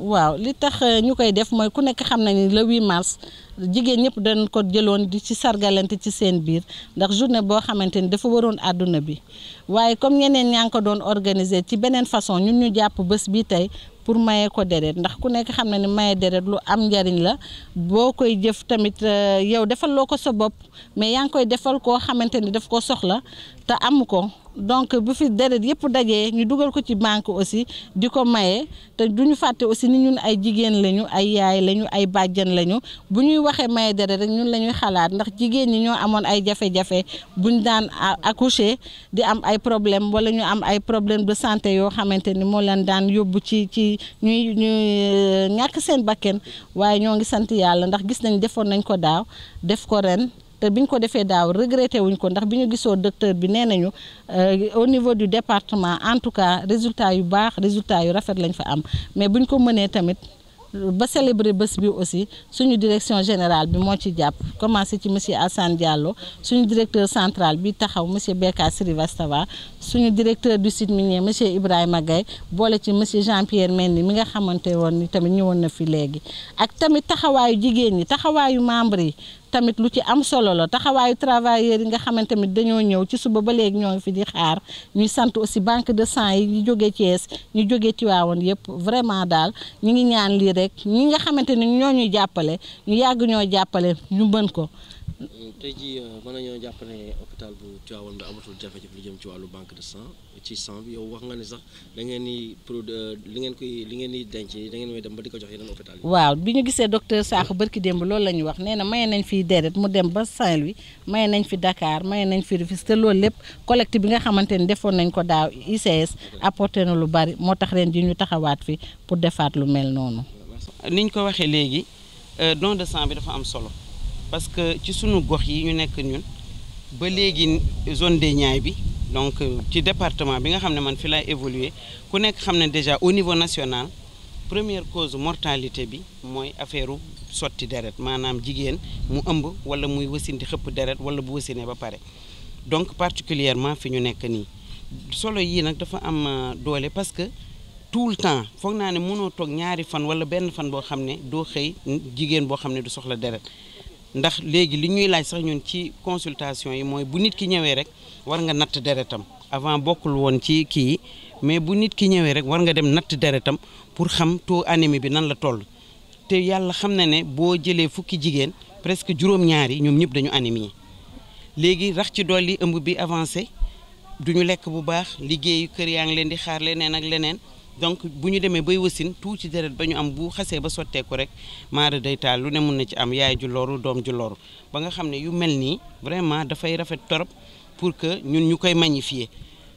waaw li tax euh, ñu koy def mooy ku nekk xam na ni le 8 mars jigéen ñëpp dañ ko jëloon di ci sargalante ci seen biir ndax journée boo xamante ni dafa waroon àdduna bi waaye comme ñeneen ñaa ngi ko doon organiser ci beneen façon ñun ñu jàpp bés bi tey pour maye ko deret ndax ku nekk xam na ni maye deret lu am njariñ la boo koy jëf tamit euh, yow defal loo ko sa bopp mais yaa ngi koy defal koo xamante ni daf ko soxla te amu ko donc bu fi deret yëpp dajee ñu dugal ko ci banque aussi di ko maye te du ñu fàtte aussi ni ñun ay jigéen lañu ay yaay lañu ay bàjjan lañu bu ñuy waxee maye deret rek ñun la ñuy xalaat ndax jigéen ñi ñoo amoon ay jafe-jafe bu ñu daan accoucher di am ay problème wala ñu am ay problème de santé yoo xamante ni moo leen daan yóbbu ci ci ñuy ñuy euh, ñàkk seen bakken waaye ñoo ngi sant yàlla ndax gis nañ defoon nañ ko daaw def ko ren te bi ñu ko defee daaw regretté wuñ ko ndax bi ñu gisoo docteur bi nee nañu euh, au niveau du département en tout cas résultat yu baax résultat yu rafet lañ fa am mais bu ñu ko mënee tamit ba célébrer bés bi aussi suñu direction générale bi moo ci jàpp commencé ci monsieur Assane Diallo suñu directeur central bi taxaw monsieur Beka Srivastava suñu directeur du site minier monsieur Ibrahima Gaye boole ci monsieur Jean Pierre ni mi nga xamante woon ni tamit ñëwoon na fi léegi ak tamit taxawaayu jigéen ñi taxawaayu membre yi tamit lu ci am solo la taxawaayu travailleurs yi nga xamante ni dañoo ñëw ci suba ba léegi ñoo ngi fi di xaar ñuy sant aussi banque de sang yi ñu jógee Thiès ñu jógee Tivaouane yëpp vraiment daal ñu ngi ñaan lii rek ñi nga xamante ni ñoo ñuy jàppale ñu yàgg ñoo jàppale ñu mën ko Euh, tey jii euh, mën nañoo jàpp ne hôpital bu Tivaouane bi amatul jafe lu jëm ci wàllu banque de sang ci sang yow wax nga ne sax da ngeen ni produit euh, li ngeen koy li ngeen di denc da ngeen may dem ba di ko jox yeneen hôpital yi. waaw bi ñu gisee docteur Sakho barki démb loolu la ñu wax nee na maye nañ fi deret mu dem ba Saint-Louis maye nañ fi Dakar maye nañ fi Rufisque loolu lépp collecte bi nga xamante ni defoon nañ ko daaw ICS apporté na lu bari moo tax ren ji ñu taxawaat fi pour defaat lu mel noonu. niñ ko waxee léegi don de sang bi dafa am solo. parce que ci suñu gox yi ñu nekk ñun ba léegi zone des Niayes bi donc euh, ci département bi nga xam ne man fi lay évoluer ku nekk xam ne déjà au niveau national première cause mortalité bi mooy affaire sotti deret maanaam jigéen mu ëmb wala muy wasindi xëpp deret wala bu wasinee ba pare donc particulièrement fi ñu nekk nii solo yii nag dafa am euh, doole parce que tout le temps foog naa ne mënoo toog ñaari fan wala benn fan boo xam ne doo xëy jigéen boo xam ne du soxla deret ndax léegi li ñuy laaj sax ñun ci consultation yi mooy bu nit ki ñëwee rek war nga natt deretam avant bokkul woon ci kii mais bu nit ki ñëwee rek war nga dem natt deretam pour xam taux anémie bi nan la toll te yàlla xam na ne boo jëlee fukki jigéen presque juróom-ñaar ñoom ñëpp dañu anémie léegi rax ci dolli ëmb bi avancé duñu lekk bu baax liggéeyu kër yaa ngi leen di xaar leneen ak leneen donc bu ñu demee bay wasin tuuti deret ba ñu am bu xasee ba sotteeku rek maara day taal lu ne mun na ci am yaay ju loru doom ju loru ba nga xam ne yu mel nii vraiment dafay rafet torop pour que ñun ñu koy magnifier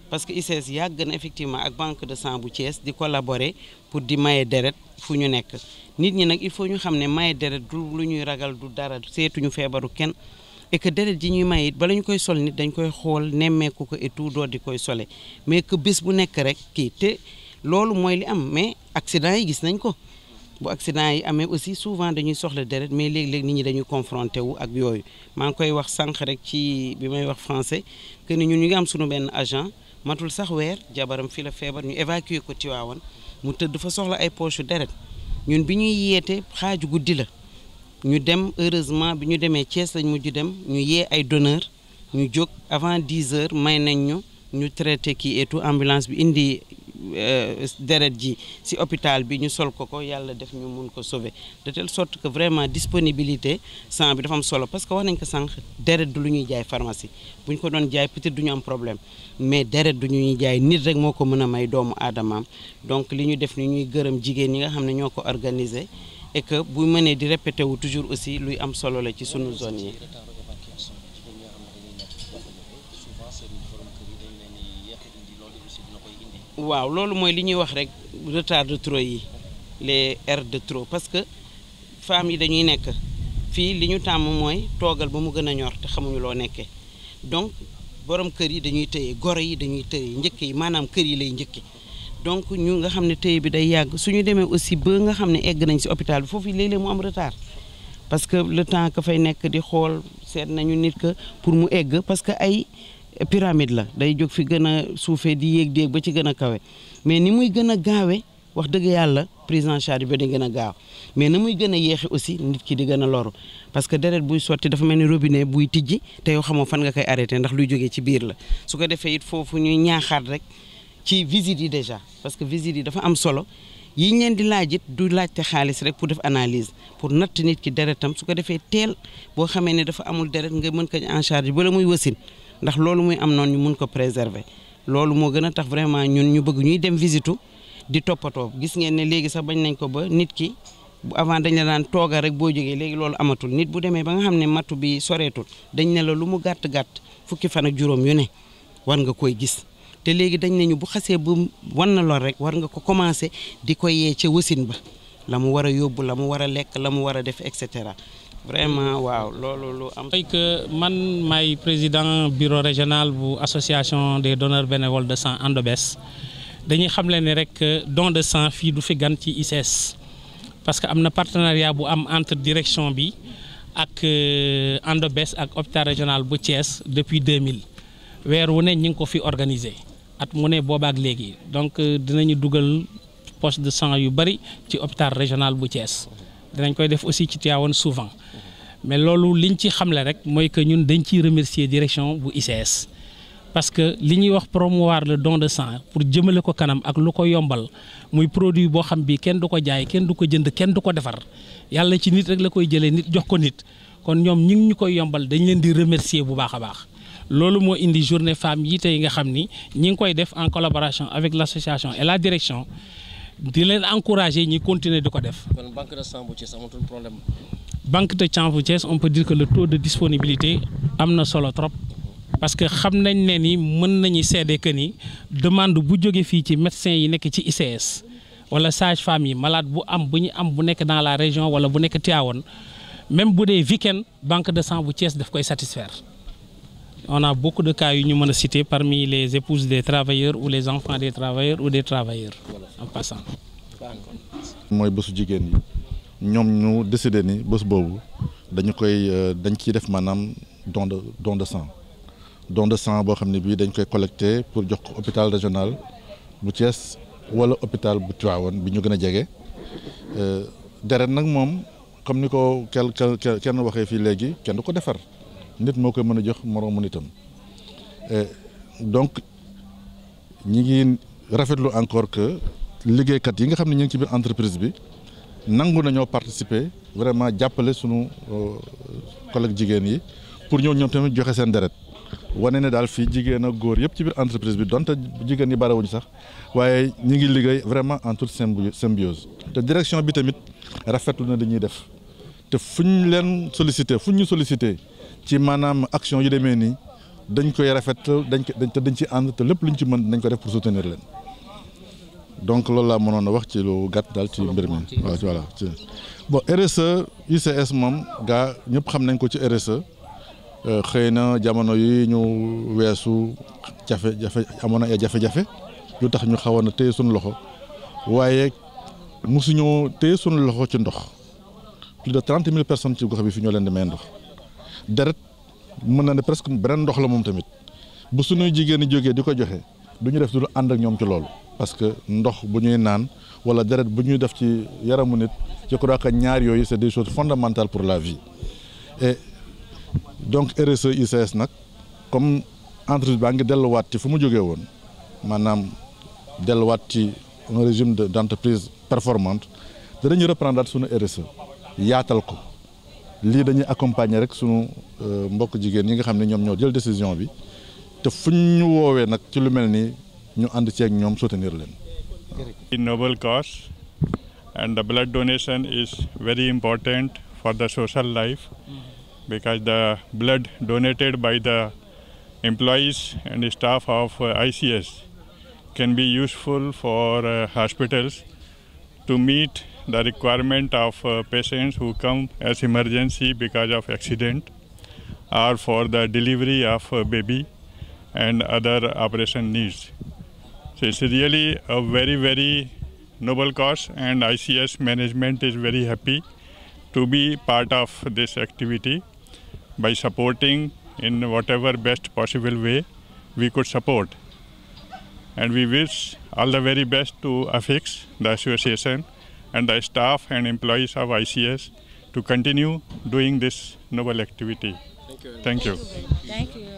parce que ICS e yàgg na effectivement ak banque de sang bu cees di collaborer pour di maye deret fu ñu nekk nit ñi nag il faut ñu xam ne maye deret du lu ñuy ragal du dara seetuñu feebaru kenn et que deret ji ñuy may it bala ñu koy sol nit dañ koy xool nemmeeku ko et tout doo di koy sole mais que bu nekk rek kii loolu mooy li am mais accident yi gis nañ ko bu accident yi amee aussi souvent dañuy soxla deret mais léeg-léeg nit ñi dañuy confronté wu ak yooyu maa ngi koy wax sànq rek ci bi may wax français que ni ñun ñu ngi am suñu benn agent matul sax weer jabaram fii la feebar ñu évacuer ko Tiwaawan mu tëdd fa soxla ay poche deret ñun bi ñuy yeete xaaju guddi la ñu dem heureusement bi ñu demee Thiès lañ mujj dem ñu yee ay donneur ñu jóg avant 10 heures may nañ ñu ñu traité kii et tout bi indi Euh, deret ji si hôpital bi ñu sol ko ko yàlla def ñu mun ko sauver de telle sorte que vraiment disponibilité sang bi dafa am solo parce que wax nañ ko sànq deret du lu ñuy jaay pharmacie bu ñu ko doon jaay peut-être du ñu am problème mais deret du ñuy jaay nit rek moo ko mën a may doomu aadamaam donc li ñu def ni ñuy gërëm jigéen ñi nga xam ne ñoo ko organiser et que bu mënee di répété wu toujours aussi luy am solo la ci sunu zone yi waaw loolu mooy li ñuy wax rek retard de trop yi les R de trop parce que femmes yi dañuy nekk fii li ñu tàmm mooy toogal ba mu gën a ñor te xamuñu loo nekkee donc borom kër yi dañuy tëye goro yi dañuy tëye njëkk yi maanaam kër yi lay njëkki donc ñu nga xam ne tëye bi day yàgg suñu demee aussi ba nga xam ne egg nañ si hôpital bi foofu léeg-léeg mu am retard parce que le temps que fay nekk di xool seet nañu nit que pour mu egg parce que ay pyramide la day jog fi gën a suufee di yéeg ba ci gën a kawe mais ni muy gën a gaawee wax dëgg yàlla prise en charge bi di gën a gaaw mais na muy gën a yéexi aussi nit di gën a loru parce que deret buy sotti dafa mel ni robinet buy tijji te yow xamoo fan nga koy arrêté ndax luy jógee ci biir la su ko defee it foofu ñuy ñaaxaat rek ci visite yi déjà parce que visite yi dafa am solo yiñ leen di laaj du laajte xaalis rek pour def analyse pour natt nit ki deretam su ko defee teel boo xamee ne dafa amul deret nga mën ko en charge muy wasin ndax loolu muy am noonu ñu mun ko préserver loolu moo gën a tax vraiment ñun ñu bëgg ñuy dem visitu di toppatoo gis ngeen ne léegi sax bañ nañ ko ba nit ki bu avant dañ la daan toogal rek boo jógee léegi loolu amatul nit bu demee ba nga xam ne matu bi soreetul dañ ne la lu mu gàtt gàtt fukki fan ak juróom yu ne war nga koy gis te léegi dañ ñu bu xasee bu wan na lool rek war nga ko commencé di koy yee ca wasin ba la mu war a yóbbu la mu war a lekk la mu war a def cetera vraiment waaw loolu lu am. mooy que man may président bureau régional bu association des donneurs bénévoles de sang Andobees dañuy xamle ne rek don de sang fii du fi gan ci ICS parce que am na partenariat bu am entre direction bi ak euh, Andobees ak hôpital régional bu Thiès depuis 2000 weer wu ne ñu ngi ko fi organiser at mu ne boobaak léegi donc euh, dinañu dugal poste de sang yu bëri ci hôpital régional bu cees dinañ koy def aussi ci Tivaouane souvent. mais loolu li liñ ci xamle rek mooy que ñun dañ ciy remercier direction bu ICS parce que li ñuy wax promouvoir le don de sang pour jëmale ko kanam ak lu ko yombal muy produit boo xam bi kenn du ko jaay kenn du ko jënd kenn du ko defar yàlla ci nit rek la koy jëlee nit jox ko nit kon ñoom ñi ñu koy yombal dañ leen di remercier bu baax a baax loolu moo indi journée femme yi tey nga xam ni ñi ngi koy def en collaboration avec l'association et la direction di leen encourager ñi continuer di ko def. kon banque ci amatul problème. banque de change bu Thiès on peut dire que le taux de disponibilité am na solo trop parce que xam nañ ne ni mën nañu seede que ni demande bu jóge fii ci médecins yi nekk ci ICS wala sage-femme yi malade bu am bu ñu am bu nekk dans la région wala bu nekk Tivaouane même bu dee week-end banque de sang bu Thiès daf koy satisfaire on a beaucoup de cas yu ñu mën a citer parmi les épouses des travailleurs ou les enfants des travailleurs ou des travailleurs en passant. mooy bésu jigéen yi. ñoom ñu décidé ni bés boobu dañu koy euh, dañ ciy def maanaam don de don de sang don de sang boo xam ne bii dañ koy collecté pour jox ko hôpital régional bu Thiès wala hôpital bu Tivaouane bi ñu gën a jege euh, deret nag moom comme ni ko kenn kenn waxee fii léegi kenn du ko defar nit moo koy mën a jox moroomu nitam euh, donc ñi ngi rafetlu encore que liggéeykat yi nga xam ne ñu ngi ci biir entreprise bi. nangu nañoo participer vraiment jàppale sunu euh, collègue jigéen yi pour ñëw ñoom tamit joxe seen deret wane ne daal fii jigéen ak góor yëpp ci biir entreprise bi donte jigéen ñi barewuñu sax waaye ñi ngi liggéey vraiment en toute symbiose te direction bi tamit rafetlu na dañuy def te fu ñu leen solicité fu ñu solicité ci maanaam action yu demee nii dañ koy rafet dañ ko dañ ci ànd te lépp lu ñu ci mën dañ ko def pour soutenir leen donc loolu laa mënoon a wax ci lu gàtt daal ci mbir mi waaw voilà ci bon RSE ICS moom gaa ñëpp xam nañ ko ci RSE euh, xëy na jamono yi ñu weesu jafe-jafe amoon na ay jafe-jafe yu tax ñu xawoon a téye suñu loxo waaye mosuñoo téye suñu loxo ci ndox plus de trente mille personnes ci gox bi fi ñoo leen di may ndox deret mën na ne presque beneen ndox la moom tamit bu suñuy jigéen jógee di ko joxe. du ñu def du ànd ak ñoom ci loolu parce que ndox bu ñuy naan wala deret bu ñuy def ci yaramu nit je crois que ñaar yooyu c'est des choses fondamentales pour la vie et donc RSE ICS nag comme entreprise baa ngi delluwaat ci fu mu jógee woon maanaam delluwaat ci un régime entreprise performante danañu reprendre sunu RSE yaatal ko lii dañuy accompagner rek sunu euh, mbokk jigéen ñi nga xam ne ñoom ñoo jël décision bi te fuñ ñu woowee nag ci lu mel nii ñu ànd ci ñoom soutenir leen. a noble cause and the blood donation is very important for the social life because the blood donated by the employees and staff of ICS can be useful for uh, hospitals to meet the requirement of uh, patients who come as emergency because of accident or for the delivery of uh, baby. and other operation needs. So it's really a very, very noble cause and ICS management is very happy to be part of this activity by supporting in whatever best possible way we could support. And we wish all the very best to AFIX, the association, and the staff and employees of ICS to continue doing this noble activity. Thank you.